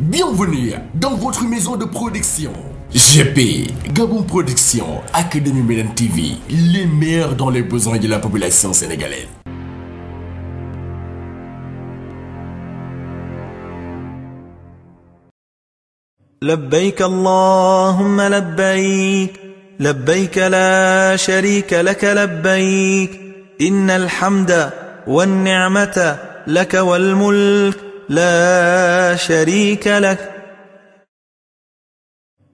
Bienvenue dans votre maison de production. GP, Gabon Production, Académie Médan TV, les meilleurs dans les besoins de la population sénégalaise. labbayk allahumma labbayk labbayk laa shariika laka labbayk inna alhamda wan ni'mata لا شريك لك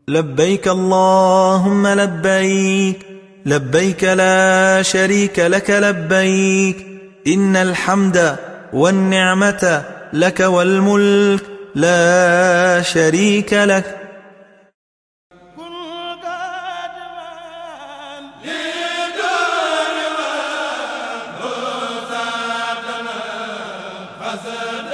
لبيك اللهم لبيك لبيك لا شريك لك لبيك إن الحمد والنعمة لك والملك لا شريك لك Hazır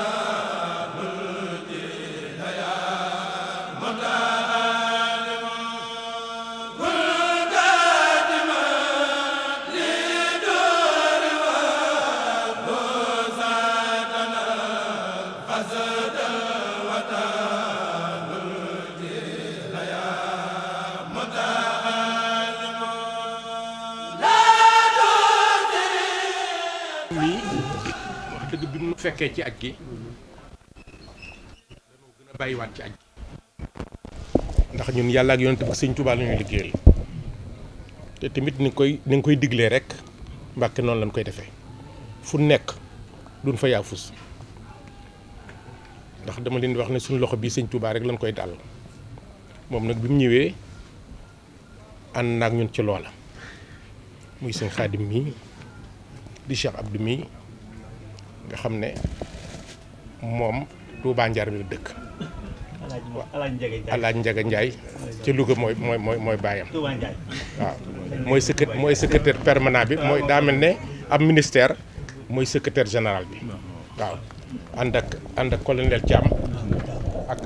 fekkee ci ak gi danoo ci aj ndax ñun yàlla ak yonent bi sëñ Tuubaa la ñuy liggéeyal te tamit ni koy ni nga koy diglee rek Mbàkke noonu lañ koy defe fu nekk duñ fa yaafus ndax dama leen di wax ne suñu loxo bii sëñ Tuubaa rek lañ koy dal moom nag bi mu ñëwee ànd naag ñun ci loola muy sëñ Xaadim mii di Cheikh Abdou mii nga xam ne moom Touba Njaar bi la dëkk. Alaaj Njaga Njaay ci Louga mooy mooy mooy baayam waaw mooy secrétaire mooy bi mooy daa mel ne am ministère mooy secrétaire général bi waaw ànd ak ànd ak colonel Thiam ak ak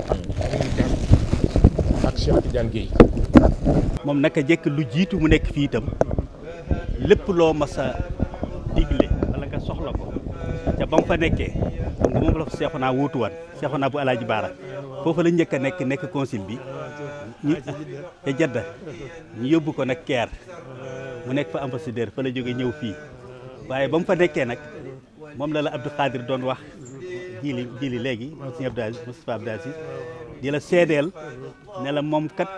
ak Cheikh Tidiane Guèye moom naka jëkk lu jiitu mu nekk fii itam lépp loo mas a digle ca ba mu fa nekkee xam nga moom la fa Seexuna wuutu woon Seexuna bu Alaaji Baara foofu la njëkk a nekk nekk consul bi ñu ca Jadda ñu yóbbu ko nag keer mu nekk fa ambassadeur fa la jóge ñëw fii waaye ba mu fa nekkee nag moom la la Abdou Khadir doon wax jili jili léegi sëñ Abdou Aziz Moustapha Abdou Aziz di la seedeel ne la moom kat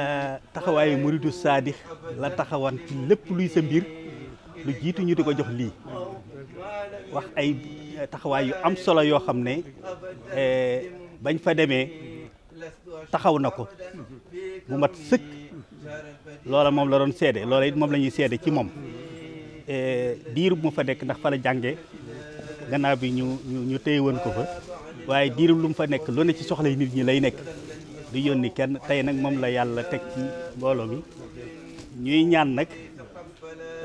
euh, taxawaayu muridu saadix la taxawan ci lépp luy sa mbir lu jiitu ñu di ko jox lii wax ay taxawaay yu am solo yoo xam ne eh, bañ fa demee taxaw na ko bu mat sëkk loola moom la doon seede loola it moom la ñuy seede ci moom eh, diir bu mu fa nekk ndax fa la jànge gannaaw bi ñu ñu téye woon ko fa waaye diir lu mu fa nekk lu ne ci soxla yi nit ñi lay nekk du yónni kenn tey nag moom la yàlla teg ci mbooloo mi ñuy ñaan nag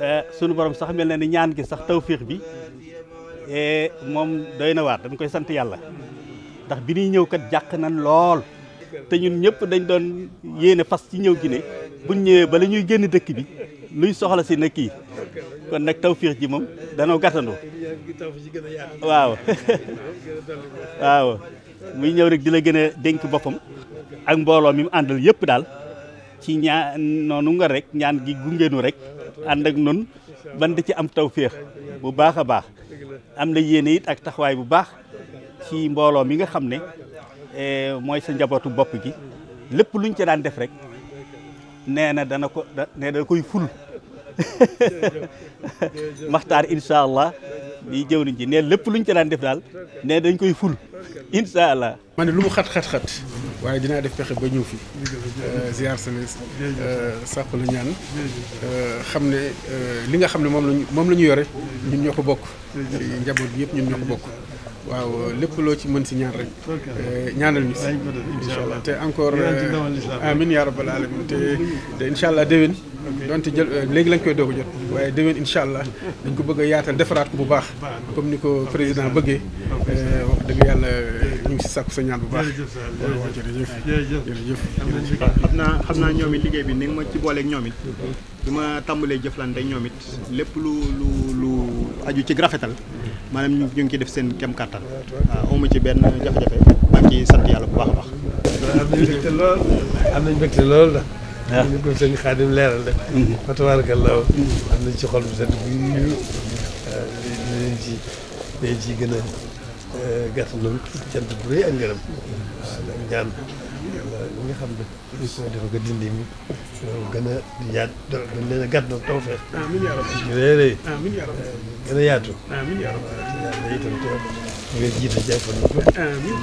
eh, sunu borom sax mel na ñaan gi sax tawféex bi Eh, moom doy na waar dañ koy sant yàlla ndax bi ñuy ñëw kat jàq nan lool te ñun ñëpp dañ doon yéene fas ci ñëw gi ne buñ ñëwee bala ñuy génn dëkk bi luy soxla si na kii kon nag tawféex ji moom danoo gàttandoo waaw waaw muy ñëw rek di la gën a dénk boppam ak mbooloo mi mu àndal yëpp daal ci ñaan noonu nga rek ñaan gi gungeenu rek ànd ak nun ban da ci am tawféex bu baax a baax am na yéene it ak taxawaay bu baax ci mbooloo mi nga xam ne eh, mooy sa njabootu bopp gi lépp luñ ca daan def rek nee na dana ko nee dana koy ful maxtaar incha allah jëw jëwriñ ji nee lépp luñ ca daan def daal nee dañ koy ful incha allah. ma lumu lu mu xat xat xat. waaye dinaa def pexe ba ñëw fi euh, ziar sa les sàq la ñaan euh, xam ne euh, li nga xam ne moom lañu moom la ñu yore ñun ñoo ko bokk njaboot bi yëpp ñun ñoo ko bokk waaw lépp loo ci mën si ñaan rek eh, ñaanal ñu si incha allah te encore eh, amin yaa rabbal alamin te te incha allah déwén donte jël eh, léegi lañ koy doo a jot waaye déwén incha allah dañ ko bëgg a yaatal defaraat ko bu baax comme ni ko président bëggee wax dëgg yàlla ñu ngi si sàkku sa ñaan bu baax jërëjëf jërëjëf xam naa xam naa ñoom it liggéey bi ni nga ma ci booleeg ñoom it bi ma tàmbalee jëflante ñoom it lépp lu lu lu aju ci rafetal maanaam ñu ngi ciy def seen kem kattan waaw ah, ma ci benn jafe-jafe maa ngi ciy sant yàlla bu baax a baax. am nañu mbégte lool lool la waaw koy ko sëñ Xaadim leeral rek. Mm-hmm. fa am nañ ci xol bu set bu ñu dinañ euh, ci dinañ ci gën a euh, gàttaloon cant bu rëy ak ngërëm waaw ndax ñaan li nga xam ne soo dafa ko dindi mi gën a yaat dañ leen a gàttal tawfeex. amiin yaa rabbi gën a yaatu. nga jiite jàppale ko. amiin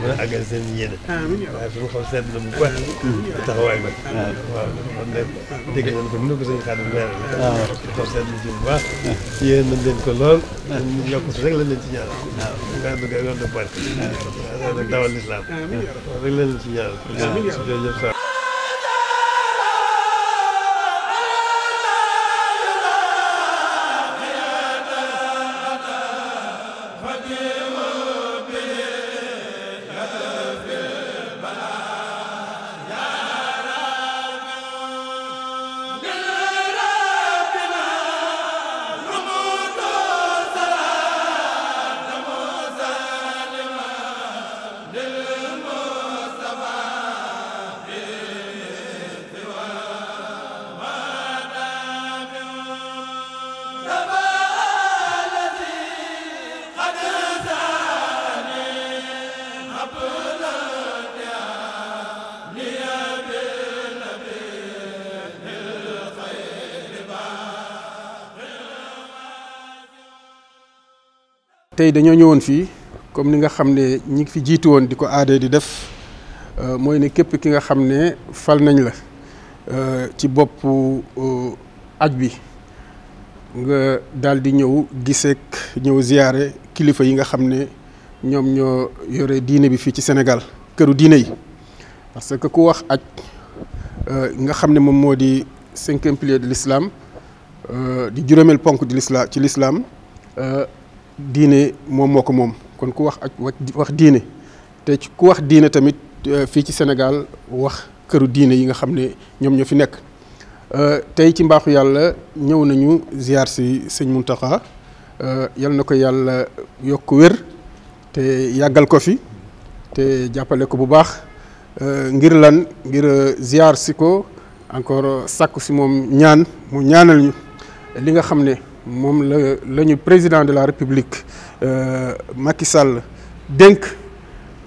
mën a àggal seen yéene. amiin waaye suñu xaw seet la bu baax. taxawaay bi. waaw kon nag dégg nañ ko mën ko suñu xaalis weer la. waaw xaw seet lu ci bu baax. yéen nañ leen ko lool. ñu yokk rek lañ leen ci ñaanal. waaw ñu ngi ànd ak yoon de Paris. waaw dawal lislaam rek lañ leen ci ñaanal. amiin jërëjëf tey dañoo ñëwoon fii comme ni nga xam ne ñi ngi fi jiitu woon di ko aadee di def euh, mooy ne képp ki nga xam ne fal nañ la euh, ci boppu euh, aj bi nga daal di ñëw giseek ñëw ziyaare kilifa yi nga xam ne ñoom ñoo yore diine bi fii ci Sénégal këru diine yi parce que ku wax aj nga xam ne moom moo di cinquième pilier de l'islam di juróomeel ponk di l'islam ci l'islam diine moom moo ko moom kon ku wax ak wax diine te ku wax diine tamit euh, fii ci Sénégal wax këru diine yi nga xam ne ñoom ñoo fi nekk euh, tey ci mbaaxu yàlla ñëw nañu ziar si sëñ Mountakha euh, yal na ko yàlla yokk wér te yàggal ko fi te jàppale ko bu baax ngir lan ngir ziar si ko encore sàkku si moom ñaan mu ñaanal ñu li nga xam ne moom la la ñu président de la république euh, Macky Sall dénk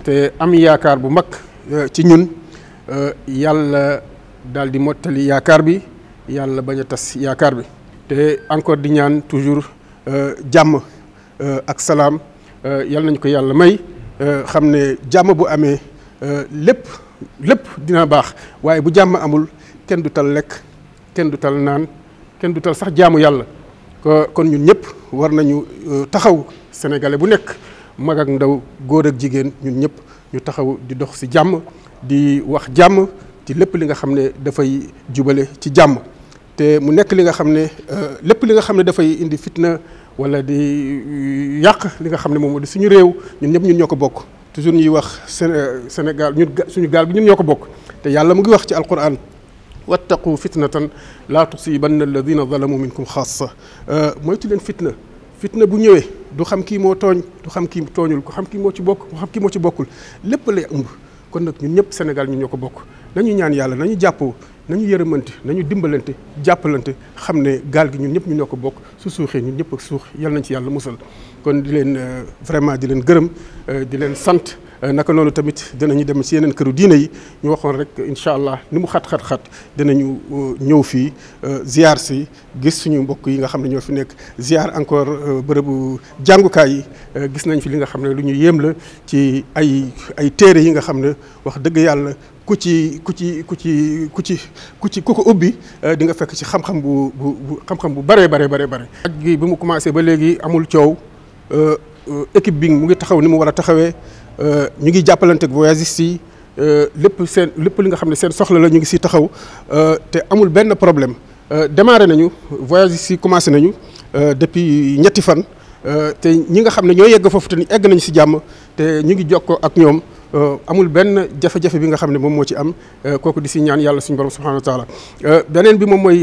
te am yaakaar bu mag euh, ci ñun euh, yàlla daal di mottali yaakaar bi yàlla bañ a tas yaakaar bi te encore di ñaan toujours jàmm ak salaam yal nañ ko yàlla may xam ne jàmm bu amee lépp lépp dina baax waaye bu jàmm amul kenn du tal lekk kenn du tal naan kenn du tal sax jaamu yàlla kon ñun ñëpp war nañu euh, taxaw sénégalais bu nekk mag ak ndaw góor ak jigéen ñun ñëpp ñu taxaw di dox si jàmm di wax jàmm ci lépp li nga xam ne dafay jubale ci jàmm te mu nekk li nga xam ne euh, lépp li nga xam ne dafay indi fitna wala di euh, yàq li nga xam ne moom di suñu réew ñun ñëpp ñun ñoo ko bokk toujours ñuy wax Sénégal ñun suñu gaal bi ñun ñoo ko bokk te yàlla mu ngi wax ci alquran wattaqu fitnatan laa tusibanna alladina zalamu minkum xaasa euh, moytu leen fitna fitna bu ñëwee du xam kii moo tooñ du xam kii tooñul ku xam kii moo ci bokk xam kii moo ci bokkul lépp lay ëmb kon nag ñun ñëpp Sénégal ñu ñoo ko bokk nañu ñaan yàlla nañu jàppoo nañu yërëmante nañu dimbalante jàppalante xam ne gaal gi ñun ñëpp ñu ñoo ko bokk su suuxee ñun ñëpp ak suux yal nañ ci yàlla musal kon di leen euh, vraiment di leen gërëm euh, di leen sant Euh, naka noonu tamit dinañu dem si yeneen këru diina yi ñu waxoon rek incha allah ni mu xat-xat-xat dinañu euh, ñëw fii euh, ziar si gis suñu mbokk yi nga xam ne ñoo fi nekk ziar encore bërëbu jàngukaay yi gis nañ fi li nga xam ne lu ñu yéem la ci ay ay téere yi nga xam ne wax dëgg yàlla ku ci ku ci ku ci ku ci ku ci ku ko ubbi di nga fekk ci xam-xam bu bu xam bu bëree bare bare bare ak gi bi mu commencé ba léegi amul coow Euh, équipe bi mu ngi taxaw ni mu war a taxawee euh, ñu ngi jàppalanteeg voyagistes yi euh, lépp seen lépp li nga xam ne seen soxla la ñu ngi siy taxaw te amul benn problème démarré nañu voyagistes si commencé nañu depuis ñetti fan te ñi nga xam ne ñoo yegg foofu te ni egg nañu si jàmm te ñu ngi jokkoo ak ñoom. amul benn jafe-jafe bi nga xam ne moom moo ci am kooku di si ñaan yàlla suñu borom subhanahu wa taala beneen bi moom mooy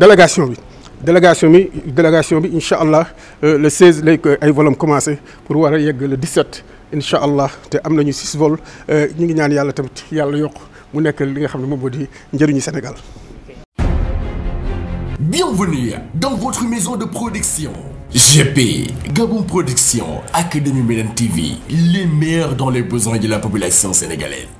délégation bi délégation bi délégation bi incha allah euh, le 16 lay ko ay volom commencé pour war a yegg le 17 incha allah te am ñu six vol euh, ñu ngi ñaan yàlla tamit yàlla yokk mu nekk li nga xam ne moom moo di njëriñu Sénégal. Bienvenue dans votre maison de production. GP, Gabon Production, Académie Médan TV, les meilleurs dans les besoins de la population sénégalaise.